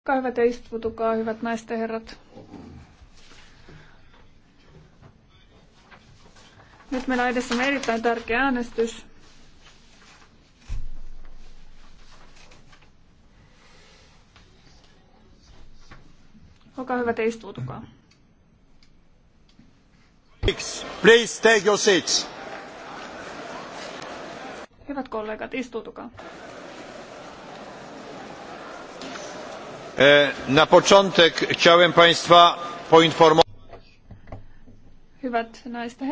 Olkaa hyvät ja istutukaa, hyvät naisten herrat. Nyt meillä on edessämme erittäin tärkeä äänestys. Olkaa hyvät ja istutukaa. Please take your seats. Hyvät kollegat, istutukaa. E, na początek chciałem Państwa poinformować. Hyvät naiset herrat.